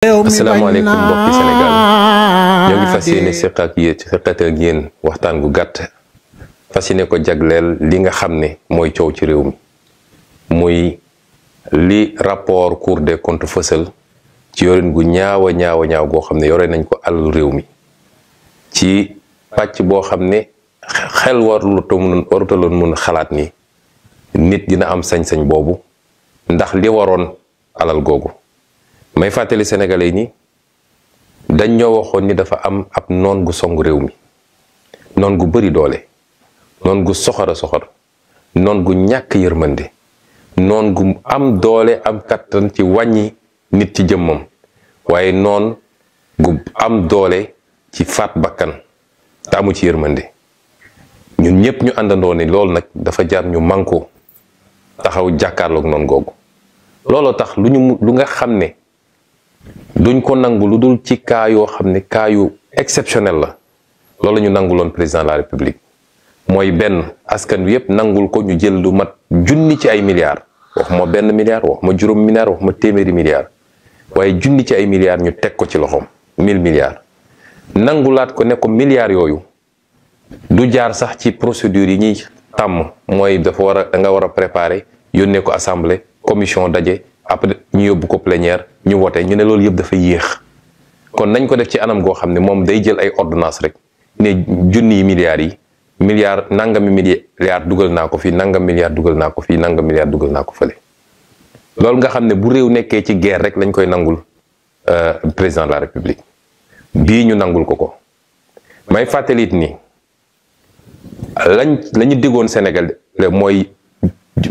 Assalamualaikum mbokki Senegal. ñoo ngi fas yéene seq ak yéen seqat ak yéen waxtaan gu gàtt fas yéene ko jagleel li nga xam ne mooy coow ci réew mi muy li rapport Cour des comptes fësal ci yorin gu ñaawa ñaawa ñaaw goo xam yore nañ ko alalu réew mi ci pàcc boo xam ne xel waruluta mun warutaloon mun xalaat ni nit dina am sañ-sañ boobu ndax li waroon alal googu may fàttali sénégalais yi ni dañ ñoo waxoon ni dafa am ab noon gu song réew mi noon gu bari doole noon gu soxora a soxor noon gu ñàkk yërmande noon gu am doole am kàttan ci wàññi nit ci jëmmam waaye noon gu am doole ci faat bakkan te ci yërmande ñun ñëpp ñu àndandoo ne loolu nag dafa jaar ñu mànkoo taxaw jàkkaarloog noonu googu looloo tax lu ñu lu nga xam ne duñ ko nangul luddul dul ci cas yo xamné ne cas yu exceptionnel la lolou lañu nanguloon président la république moy ben askan wi yépp nangul ko ñu jël lu mat junni ci ay milliards wax ben benn milliard wax ma juróom milliard wax ma téeméeri milliard waye junni ci ay milliards ñu tek ko ci loxom 1000 milliards nangulat ko ne ko milliards yoyu du jaar sax ci procédure yi dafa wara nga wara préparer yonne ko assemblée commission daje après ñu yobbu ko plénière ñu wote ñu ne loolu yëpp dafa yéex kon nañ ko def ci anam goo xam ne moom day jël ay ordonnance rek ne junniy milliards yi milliar nangami milliards dugal naa ko fii nangam milliards dugal naa ko fii nangam milliards dugal naa ko fële loolu nga xam ne bu réew nekkee ci guerre rek lañ koy nangul euh, président de la république bii ñu nangul ko ko may fàttalit ni lañ lañu ñu diggoon Sénégal mooy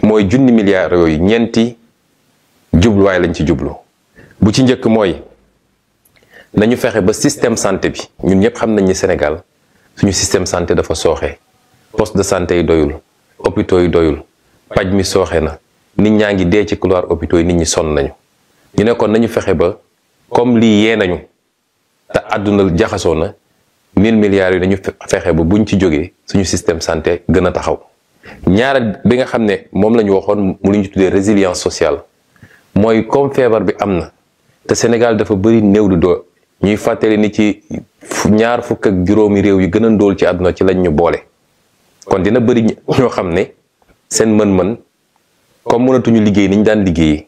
mooy junni milliards yooyu ñeenti jubluwaay lañ ci jublu bu ci njëkk mooy nañu fexe ba système santé bi ñun ñëpp xam nañ ni Sénégal suñu système santé dafa sooxe poste de santé yi doyul hôpitaux yi doyul paj mi sooxe na nit ñaa ngi dee ci couloir hôpitaux yi nit ñi sonn nañu ñu ne kon nañu fexe ba comme lii yee nañu te àdduna jaxasoo na mille milliards yi nañu fexe ba buñ ci jógee suñu système santé gën a taxaw ñaareel bi nga xam ne moom la ñu waxoon mu lu ñu tuddee résilience sociale mooy comme feebar bi am na te Sénégal dafa bëri néew du doo ñuy fàttali ni ci ñaar fukk ak juróomi réew yi gën a ndóol ci àdduna ci lañ ñu boole kon dina bëri ñoo xam ne seen mën-mën comme mënatuñu liggéey ni ñu daan liggéey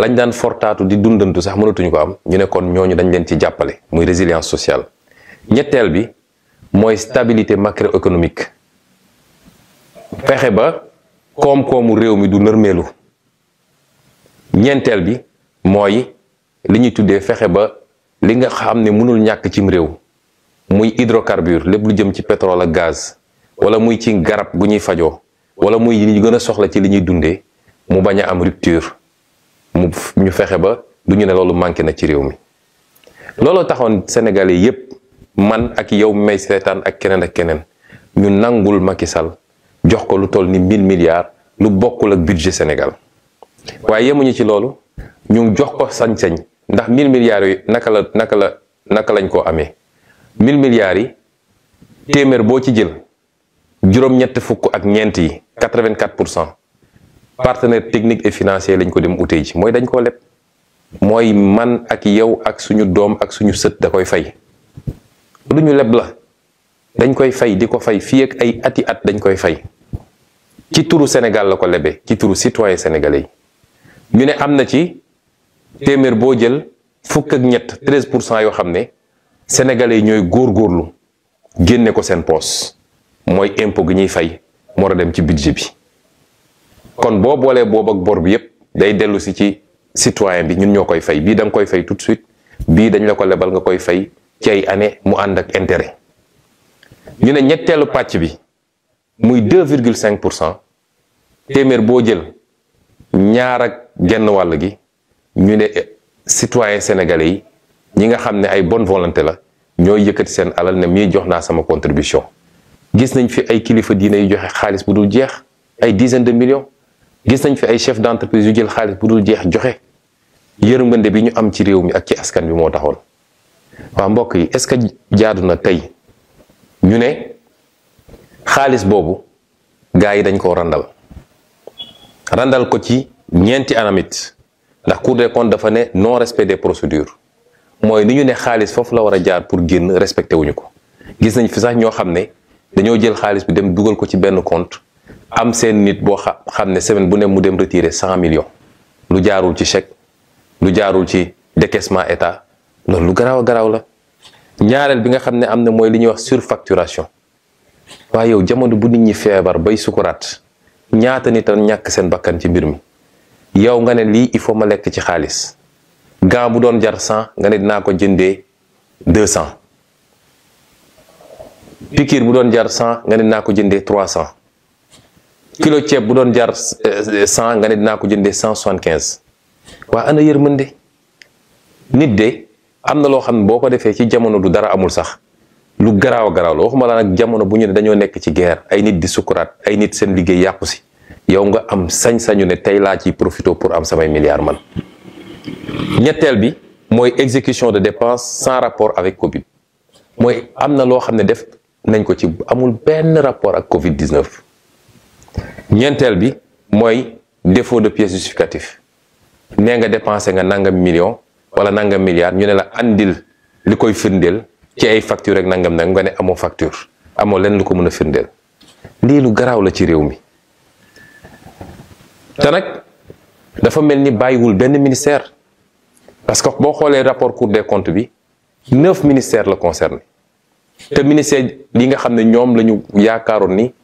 lañ daan fortaatu di dundantu sax mënatuñu ko am ñu ne kon ñooñu dañ leen ci jàppale muy résilience sociale ñetteel bi mooy stabilité économique pexe ba koom-koomu réew mi du nërmeelu ñeenteel bi mooy li ñuy tuddee fexe ba li nga xamné mënul ñak ci réew muy hydrocarbure lepp lu jëm ci pétrole ak gaz wala muy ci garab bu ñuy fajo wala muy li ñu gëna soxla ci li ñuy dundee mu baña am rupture mu ñu fexé ba du ñu ne loolu na ci réew mi lolu taxone sénégalais yépp man ak yow may sétan ak kenen ak kenen ñu nangul Macky Sall jox ko lu toll ni 1000 milliards lu bokkul ak budget Sénégal waaye yemuñu ci lolu ñu jox ko sañ-sañ ndax mille milliards yi naka la naka la naka lañ koo amee 1000 milliards yi téeméer boo ci jël juróom-ñett fukk ak ñeent yi pour cent partenaire technique et financier lañ ko dem utee ji mooy dañ koo leb mooy man ak yow ak suñu doom ak suñu sët da koy fay lu ñu leb la dañ koy fay di ko fay fii ak ay ati at dañ koy fay ci turu Sénégal la ko lebe ci turu citoyen sénégalais yi ñu ne am na ci téeméer boo jël fukk ak ñett treize pour cent yoo xam ne sénégal yi ñooy góor góorlu génne ko seen poos mooy impôt gi ñuy fay moo a dem ci budget bi kon boo boolee boobu ak bor bi yépp day dellu si ci citoyen bi ñun ñoo koy fay bii da nga koy fay tout de suite bii dañ la ko lebal nga koy fay ci ay année mu ànd ak intérêt ñu ne ñetteelu pàcc bi muy deux virgule cinq pour cent téeméer boo jël ñaar ak genn wàll gi ñu ne citoyen sénégalais yi ñi nga xam ne ay bon volonté la ñooy yëkkati seen alal ne mii jox naa sama contribution gis nañ fi ay kilifa diine yu joxe xaalis bu dul jeex ay dizaine de millions gis nañ fi ay chef d'entreprise yu jël xaalis bu dul jeex joxe yërmande bi ñu am ci réew mi ak ci askan bi moo taxoon waa mbokk yi est-ce que jaadu na tey ñu ne xaalis boobu gaa yi dañ koo randal randal ko ci ñeenti anamit la cour des comptes dafa ne non respect des procédures mooy ni ñu ne xaalis foofu la wara jaar pour guen respecter wuñu ko gis nañ fi sax ño xamné ne jël xaalis bi dem duggal ko ci benn compte am sen nit bo xamné semaine bu ne mu dem retirer 100 millions lu jaarul ci chèque lu jaarul ci décaissement état loolu lu graw a la ñaareel bi nga xamné amna moy li ñuy wax surfacturation waaye yow jamono bu nit ñi feebar bay sukuraat ñaata nit a ñàkk seen bakkan ci mbir mi. yow nga ne lii il faut ma lekk ci xaalis gaa bu doon jar cent nga ne dinaa ko jëndee deux cent piqûre bu doon jar cent nga ne dinaa ko jëndee trois cent kilo ceeb bu doon jar euh, cent nga dinaa ko jëndee cent quinze waa ana yërmande nit de am na loo xam ne boo ko defee ci jamono du dara amul sax lu garaaw a garaaw la waxuma laa nag jamono bu ñu ne dañoo nekk ci guerre ay nit di sukuraat ay nit seen liggéey yàqu si yow nga am sañ-sañu ne tey laa ci profité pour am samay milliards man ñetteel bi mooy exécution de dépense sans rapport avec Covid mooy am na loo xam ne def nañ ko ci amul benn rapport ak Covid 19 ñeenteel bi mooy défaut de pièce justificative nee nga dépensé nga nangam million wala nangam milliard ñu ne la andil li koy firndeel ci ay facture rek nangam nag nga ne amoo facture amoo lenn lu ko mën a firndeel lii lu garaaw la ci réew mi. te nag dafa mel ni bàyyiwul benn ministère parce que boo xoolee rapport cour des comptes bi neuf ministères le concerné te ministère yi nga xam ne ñoom la ñu yaakaaroon ni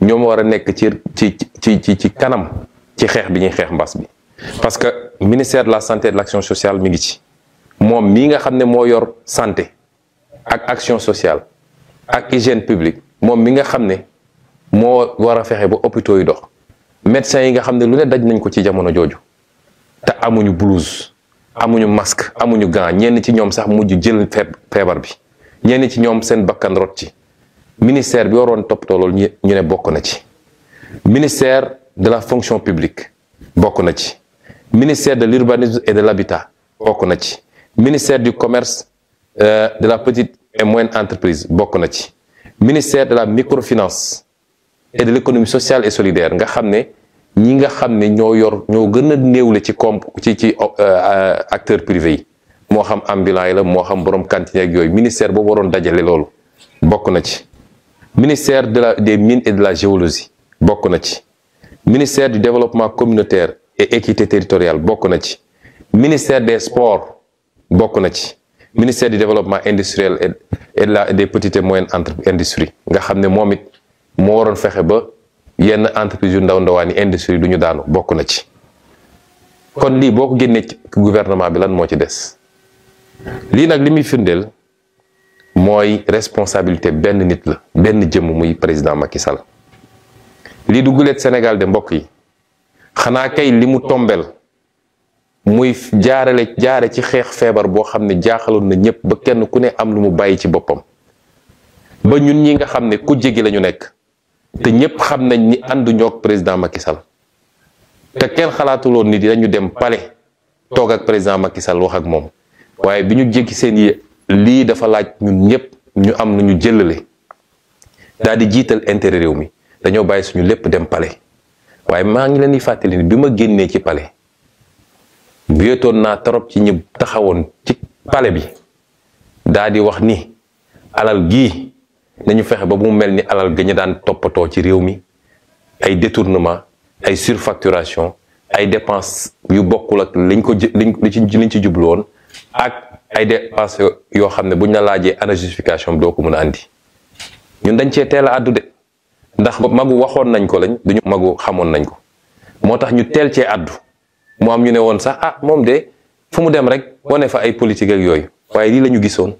ñoom war nekk ci ci ci ci kanam ci xeex bi ñuy xeex bi parce que ministère de la santé et de l'action sociale mi ngi ci moom mii nga xam ne yor santé ak action sociale ak hygiène publique moom mi nga xam ne wara war a hôpital ba médecins yi nga xam ne lu ne daj nañ ko ci jamono jooju te amuñu blouse amuñu masque amuñu gant ñenn ci ñoom sax mujj jël feebar bi ñenn ci ñoom seen bakkan rot ci ministère bi waroon toppatoo loolu ñu ne bokk na ci ministère de la fonction publique bokk na ci ministère de l'urbanisme et de l'habitat bokk na ci ministère du commerce euh, de la petite et moyenne entreprise bokk na ci ministère de la microfinance et de l'économie sociale et solidaire nga xamné ñi nga yor euh, euh, acteur privé ministère ministère de la des mines et de la géologie ministère du développement communautaire et équité territoriale bokku ministère des sports bokku ministère du développement industriel et des petites et moyennes nga moo waroon fexe ba yenn entreprise yu ndaw ndawaan yi industrie du ñu daanu bokk na ci kon lii boo ko génnee ci gouvernement bi lan moo ci des lii nag li muy firndeel mooy responsabilité benn nit la benn jëmm muy président Macky Sall lii du guleet senegal de mbokk yi xanaa kay li mu tombel muy jaarale jaare ci xeex feebar boo xam ne jaaxaloon na ñëpp ba kenn ku ne am lu mu bàyyi ci boppam ba ñun ñi nga xam ne ku jéggi la ñu nekk te ñepp xam nañ ni andu ñok président Macky Sall te kenn lo nit dañu dem palais tok ak président Macky Sall wax ak mom waye biñu jéki seen yi lii dafa laaj ñun ñepp ñu am nañu jëlale daal di jital intérêt réew mi dañu bàyyi suñu lepp dem palais waye ma ngi leen fatali ni bima génné ci palais wéetoon na torop ci ñi taxawon ci palais bi daal di wax ni alal gi nañu fexe ba bu mu mel ni alal ga daan toppatoo ci réew mi ay détournement ay surfacturation ay dépenses yu bokkul ak liñ ko liñ liñ ci jublu woon ak ay dépenses yoo xam ne buñ la laajee ana justification doo ko mën a andi ñun dañ cee teel a àddu de ndax magu waxoon nañ ko lañ duñu magu xamoon nañ ko moo tax ñu teel cee àddu mu am ñu ne woon sax ah moom de fu mu dem rek wane fa ay politique yooyu waaye lii la gisoon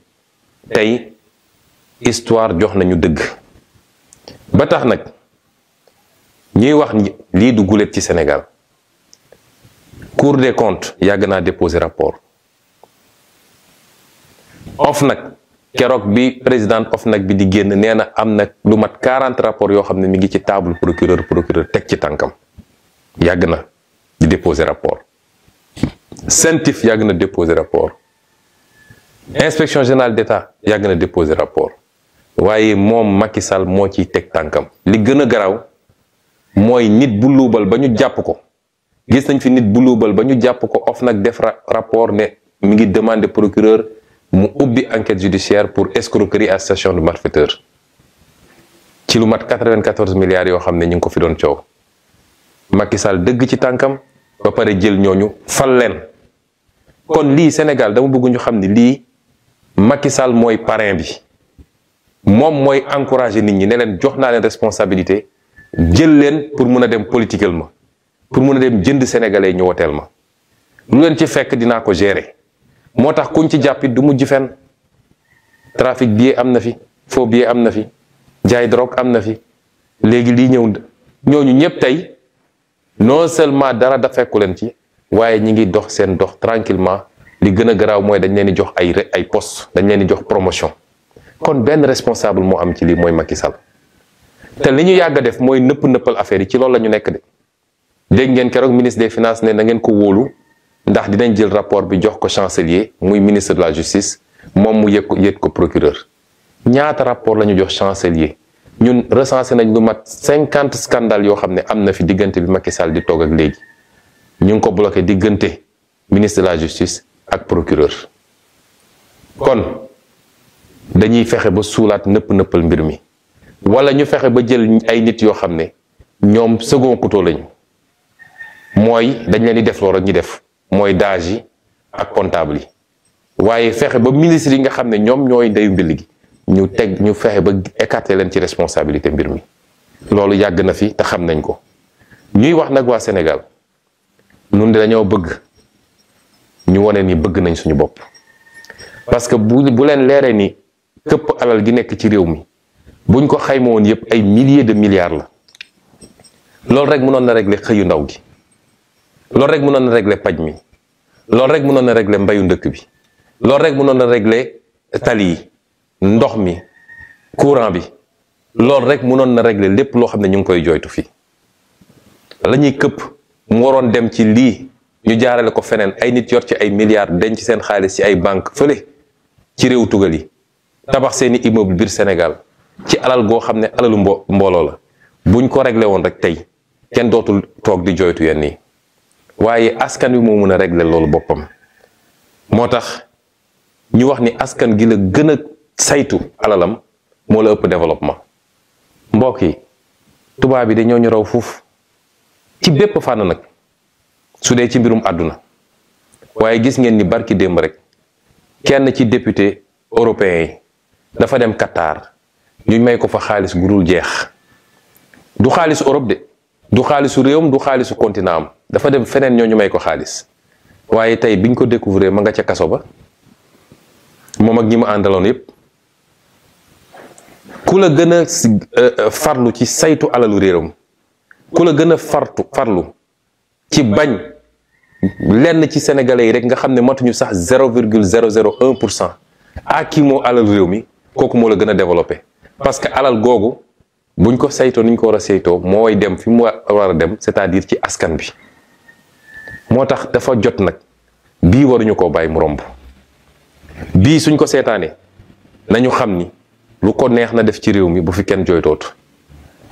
histoire jox nañu ba tax nak ñi wax du ci Sénégal Cour des comptes yagna déposer rapport OFNAC kérok bi président OFNAC bi di génn néna lu mat 40 rapport yo table procureur procureur déposer rapport CENTIF yagna na déposer rapport inspection générale d'État yagna na déposer rapport waaye moom Macky Sall moo ciy teg tànkam li gën a garaaw mooy nit bu luubal ba ñu jàpp ko gis nañ fi nit bu luubal ba ñu jàpp ko of nag def rapport ne mi ngi demande procureur mu ubbi enquête judiciaire pour escroquerie à station de malfaiteur ci lu mat 94 milliards yoo xam ne ñu ngi ko fi doon coow Macky dëgg ci tànkam ba pare jël ñooñu fal leen kon lii Sénégal dama bëgg xam ne lii Macky Sall mooy parrain bi moom mooy encourager nit ñi ne leen jox naa leen responsabilité jël leen pour mun a dem politiquel ma pour mun a dem jënd sénégale ñu woteel ma lu leen ci fekk dinaa ko gérer moo tax kuñ ci jàppit du mujj fen trafic billet am na fi faux billet am na fi jaay drogue am na fi léegi lii ñëw ñooñu ñëpp tey non seulement dara da fekku leen ci waaye ñi ngi dox seen dox tranquillement li gën a garaaw mooy dañ leen di jox ay ay poste dañ leen di jox promotion kon ben responsable mo am ci li moy Macky Sall té liñu ñu def moy nëpp nëppal affaire yi ci loolu la ñu nekk de dégg ngeen kérok ministre des finances né na ngeen ko wolu ndax dinañ jël rapport bi jox ko chancelier muy ministre de la justice mom mu yëg ko ko procureur ñaata rapport la jox chancelier ñun recensé nañ lu mat 50 scandale yo xamné amna fi digënté bi Macky Sall di toog ak légui ñu ko bloqué digënté ministre de la justice ak procureur kon dañuy fexé ba suulaat nepp neppal mbir mi wala ñu fexé ba jël ay nit yo xamné ñom second couteau lañ moy dañ leen di def rek ñi def Wa daaj ak comptable yi waaye fexe ba ministre yi nga xamné ñom ñoy ndey ndeyu gi ñu tegg ñu fexé ba écarté leen ci responsabilité mbir mi lolu yag na fi ta xam nañ ko ñuy wax nak wa Sénégal nun de dañoo bëgg ñu woné ni bëgg nañ suñu bop parce que bu len léré ni këpp alal gi nekk ci réew mi buñ ko xayma woon yëpp ay milliers de milliards la loolu rek mënoon na régler xëyu ndaw gi loolu rek mënoon na régler paj mi loolu rek mënoon na régler mbayu ndëkk bi loolu rek mënoon na régler tali yi ndox mi courant bi loolu rek mënoon na régler lépp loo xam ne ñu ngi koy jooytu fii la ñuy këpp mu waroon dem ci lii ñu jaarale ko feneen ay nit yor ci ay milliards denc seen xaalis ci ay banque fële ci réew tugal yi tabax seeni immeuble biir Sénégal ci alal goo xam ne alalu mbo mbooloo la buñ ko réglé woon rek tey kenn dootul toog di joytu yenn yi waaye askan wi moo mën a réglé loolu boppam moo tax ñu wax ni askan gi la gën a saytu alalam moo la ëpp développement mbokk yi tubaab yi dañoo ñu raw foofu ci bépp fànn nag su dee ci mbirum àdduna waaye gis ngeen ni barki démb rek kenn ci député européen yi dafa dem Qatar ñu may ko fa xaalis bu dul jeex du xaalisu Europe de du xaalisu réewam du xaalisu continent am dafa dem feneen ñoo ñu may ko xaalis waaye tey biñ ko découvrir ma nga ca kaso ba moom ak ñi ma àndaloon yépp ku la gën a euh, farlu ci saytu alalu réewam ku la gën a fartu farlu ci bañ lenn ci sénégalais yi rek nga xam ne matuñu sax zéro virgule zéro zéro pour cent ak kii moo alalu réew mi kooku moo la gën a développé parce que alal googu buñ ko saytoo ni ñu ko war a saytoo mooy dem fi mu war a dem c'est-à-dire ci askan bi moo tax dafa jot nag bii waruñu koo bàyyi mu romb bii suñ ko seetaanee nañu xam ni lu ko neex na def ci réew mi bu fi kenn jooytootu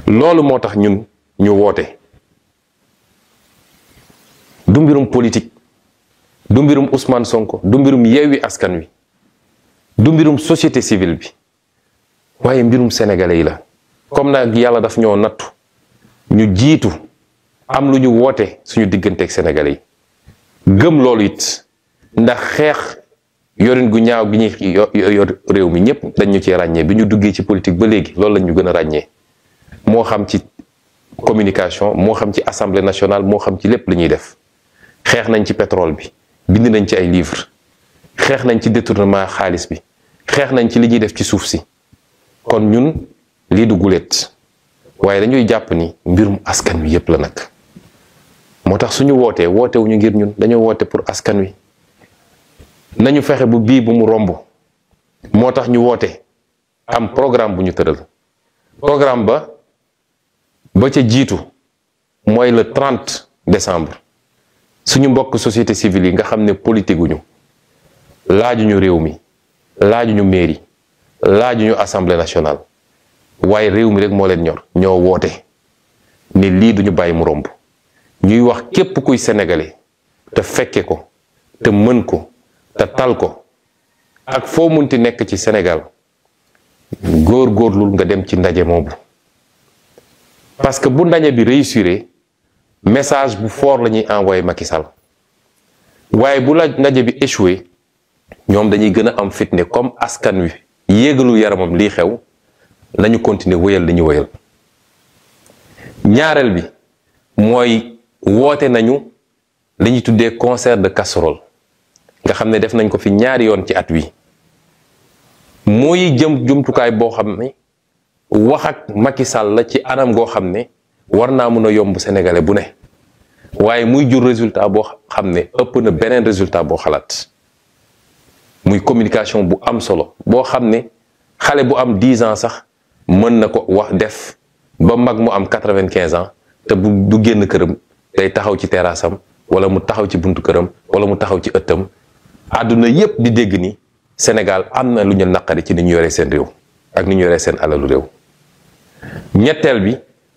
loolu moo tax ñun ñu woote du mbirum politique du mbirum Ousmane Sonko du mbirum Yewwi Askan Wi du mbirum société civile bi waaye mbirum sénégalais yi la comme nag yàlla daf ñoo nattu ñu jiitu am lu ñu woote suñu digganteek sénégalais yi gëm loolu it ndax xeex yorin gu ñaaw gi ñuy yor réew mi ñëpp dañ ñu ci ràññee bi ñu duggee ci politique ba léegi loolu lañ ñu gën a ràññee moo xam ci communication moo xam ci assemblée nationale moo xam ci lépp li ñuy def xeex nañ ci pétrole bi bind nañ ci ay livres xeex nañ ci détournement xaalis bi xeex nañ ci li ñuy def ci suuf si kon ñun lii du guléet waaye dañuy jàpp ni mbir mu askan wi yépp la nag moo tax suñu wootee wootewuñu ngir ñun dañoo woote pour askan wi nañu fexe bu bii bu mu romb moo tax ñu woote am programme bu ñu tëral programme ba ba ca jiitu mooy le 30 décembre suñu mbokk société civile yi nga xam ne politique laajuñu réew mi ñu laajuñu mairie ñu assemblée nationale waaye réew mi rek moo leen ñor ñoo woote ne lii duñu bàyyi mu romb ñuy wax képp kuy sénégalais te fekke ko te mën ko te tal ko ak foo munti nekk ci Sénégal góor góorlu nga dem ci ndaje moomu parce que bu ndaje bi réussire message bu fort la ñuy envoyé Macky Sall waaye bu la ndaje bi échoué ñoom dañuy gën a am fitne comme askan wi yéegalu yaramam lii xew lañu continuer wéyal li ñu wéyal ñaareel bi mooy woote nañu li ñuy tuddee concert de casserole nga xam ne def nañ ko fi ñaari yoon ci at wi mooy jëm jumtukaay boo xam ne wax ak Macky Sall la ci anam goo xam ne war naa mun a yomb sénégalais bu ne waaye muy jur résultat boo xam ne ëpp na beneen résultat boo xalaat muy communication bu am solo bo xamné xalé bu am 10 ans sax mën na wax def ba mag mu am 95 ans te bu du génn kërëm day taxaw ci terrasse am wala mu taxaw ci buntu kërëm wala mu taxaw ci ëttam aduna yépp di dégg ni Sénégal am na lu ñu naqari ci ni ñu yoré seen réew ak ni ñu yoré seen alalu réew ñettel bi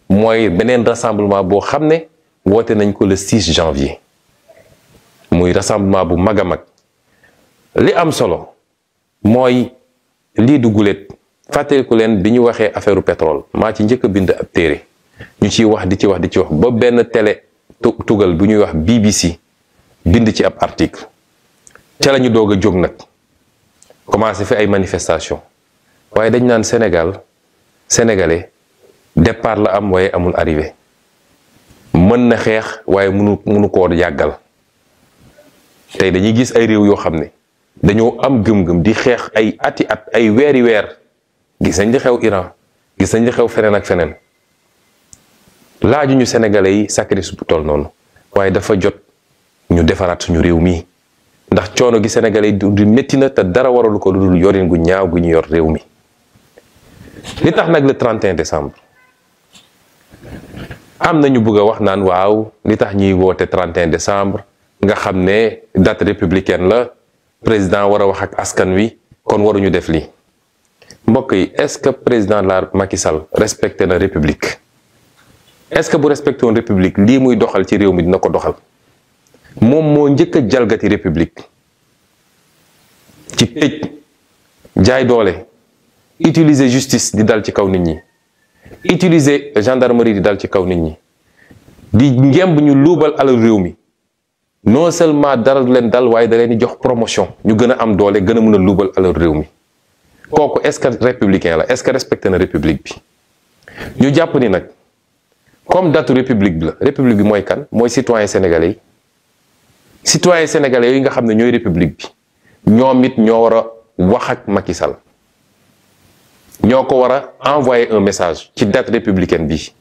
mooy beneen rassemblement boo xam ne woote nañ ko le 6 janvier muy rassemblement bu mag a li am solo mooy lii du guléet fàttaliku leen bi ñu waxee affaire pétrole maa ci njëkk a bind ab téere ñu ciy wax di ci wax di ci wax ba benn tele tugal bu ñuy wax BBC bind ci ab article ca lañu ñu doog a jóg nag commencé fi ay manifestation waaye dañ naan Sénégal sénégalais départ la am waaye amul arrivé mën na xeex waaye munu mënu koo yàggal tey dañuy gis ay réew yoo xam ne dañoo am gëm-gëm di xeex ay ati at ay weeri weer gis nañ di xew Iran gis nañ di xew feneen ak feneen laajuñu ñu yi sacrifice bu toll noonu waaye dafa jot ñu defaraat suñu réew mi ndax coono gi sénégalais yi du netti na te dara waralu ko lu dul yorin gu ñaaw gu ñu yor réew mi li tax nag le 31 décembre am na ñu bëgg a wax naan waaw li tax ñuy woote 31 décembre nga xam ne date républicaine la président war a wax ak askan wi kon waruñu def lii mbokk yi est-ce que président la Macky Sall respecté na république est-ce que bu respecté woon république lii muy doxal ci réew mi dina ko doxal moom moo njëkk a jalgati république ci tëj jaay doole utiliser justice di dal ci kaw nit ñi utiliser gendarmerie di dal ci kaw nit ñi di ngemb ñu luubal alal réew mi non seulement dara len dal waye da leen jox promotion ñu gëna am doole gëna mëna mën a leur alal réew mi est-ce que républicain la est-ce que respecté na république bi ñu japp ni nak comme date république bi la république bi moy kan moy citoyen sénégalais citoyen sénégalais yi nga xamné ñoy république bi ñoom it ñoo wara wax ak Macky Sall ñoo envoyer un message ci date républicaine bi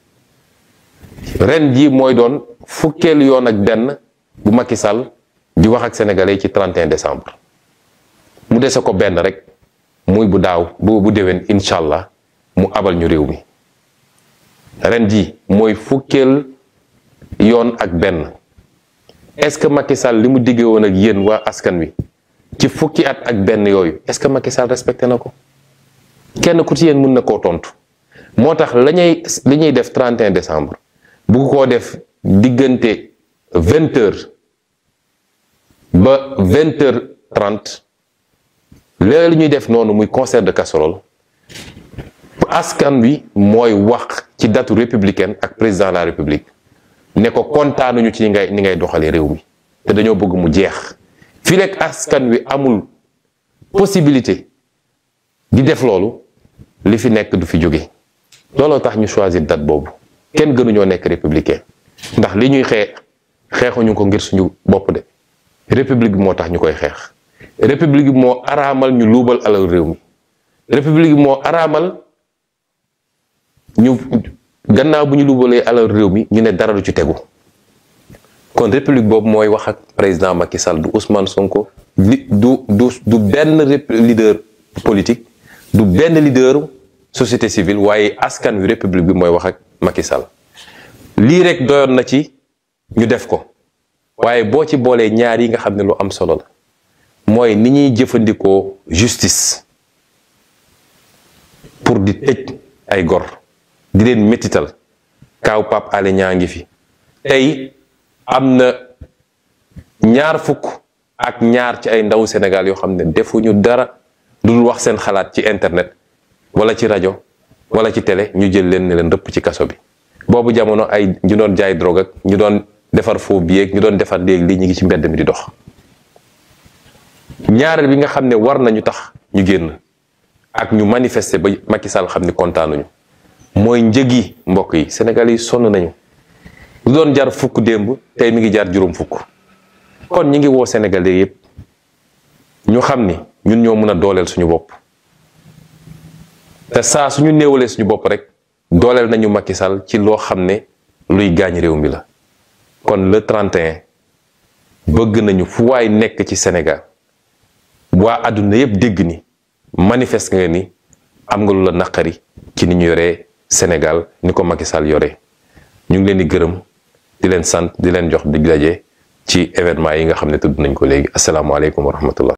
ren ji moy doon fukkeelu yon ak ben bu Macky Sall di wax ak sénégalais ci 31 décembre mu dese ko benn rek muy bu daaw bu bu déwén incha allah mu abal ñu réew mi ren ji mooy fukkeel yoon ak benn est-ce que Macky Sall li mu diggee woon ak yéen waa askan wi ci fukki at ak benn yooyu est-ce que Macky Sall respecté na ko kenn ku ci yéen mën na koo tontu moo tax la ñuy li ñuy def 31 décembre bu koo def diggante. vingt heures ba vingt heures trente léeg li ñuy def noonu muy concert de casserole askan wi mooy wax ci datu républicaine ak président la république ne ko kontaanuñu ci ni ngay ni ngay doxalee réew mi te dañoo bëgg mu jeex fii rek askan wi amul possibilité di def loolu li fi nekk du fi jóge looloo tax ñu choisir date boobu kenn gënuñoo nekk républicain ndax li ñuy xee xeexuñu ko ngir suñu bopp de république bi moo tax ñu koy xeex république bi moo araamal ñu luubal alal réew mi république bi moo araamal ñu gannaaw bu ñu luubalee alal réew mi ñu ne dara du ci tegu kon république boobu mooy wax ak président Macky Sall du Ousmane Sonko du du du benn leader politique du benn leader société civile waaye askan wi république bi mooy wax ak Macky Sall lii rek doyoon na ci. ñu def ko waaye boo ci boolee ñaar yi nga xam ne lu am solo la mooy ni ñuy jëfandikoo justice pour di tëj ay gor di leen métital kaaw Pape Alé ngi fi tey am na ñaar fukk ak ñaar ci ay ndaw senegal yoo xam ne defuñu dara lu dul wax seen xalaat ci internet wala ci rajo wala ci tele ñu jël leen ne leen rëpp ci kaso bi boobu jamono ay ñu doon jaay drogue ak ñu doon defar foo yéeg ñu doon defar léegi lii ñu ngi ci mbedd mi di dox ñaareel bi nga xam ne war nañu tax ñu génn ak ñu manifester ba Macky Sall xam ne kontaanuñu mooy njëg yi mbokk yi Sénégal yi sonn nañu lu doon jar fukk démb tey mi ngi jaar juróom fukk kon ñu ngi woo Sénégalais yépp ñu xam ni ñun ñoo mën a dooleel suñu bopp te saa suñu néewalee suñu bopp rek dooleel nañu Macky Sall ci loo xam ne luy gaañ réew mi la kon le 31 bëgg nañu fu waay nekk ci senegal waa àdduna yëpp dégg ni manifeste nga ni am nga lu la naqari ci ni ñu yoree Sénégal ni ko Macky Sall yoree ñu ngi leen di gërëm di leen sant di leen jox di daje ci événement yi nga xam ne tudd nañ ko léegi asalaamaaleykum wa rahmatullah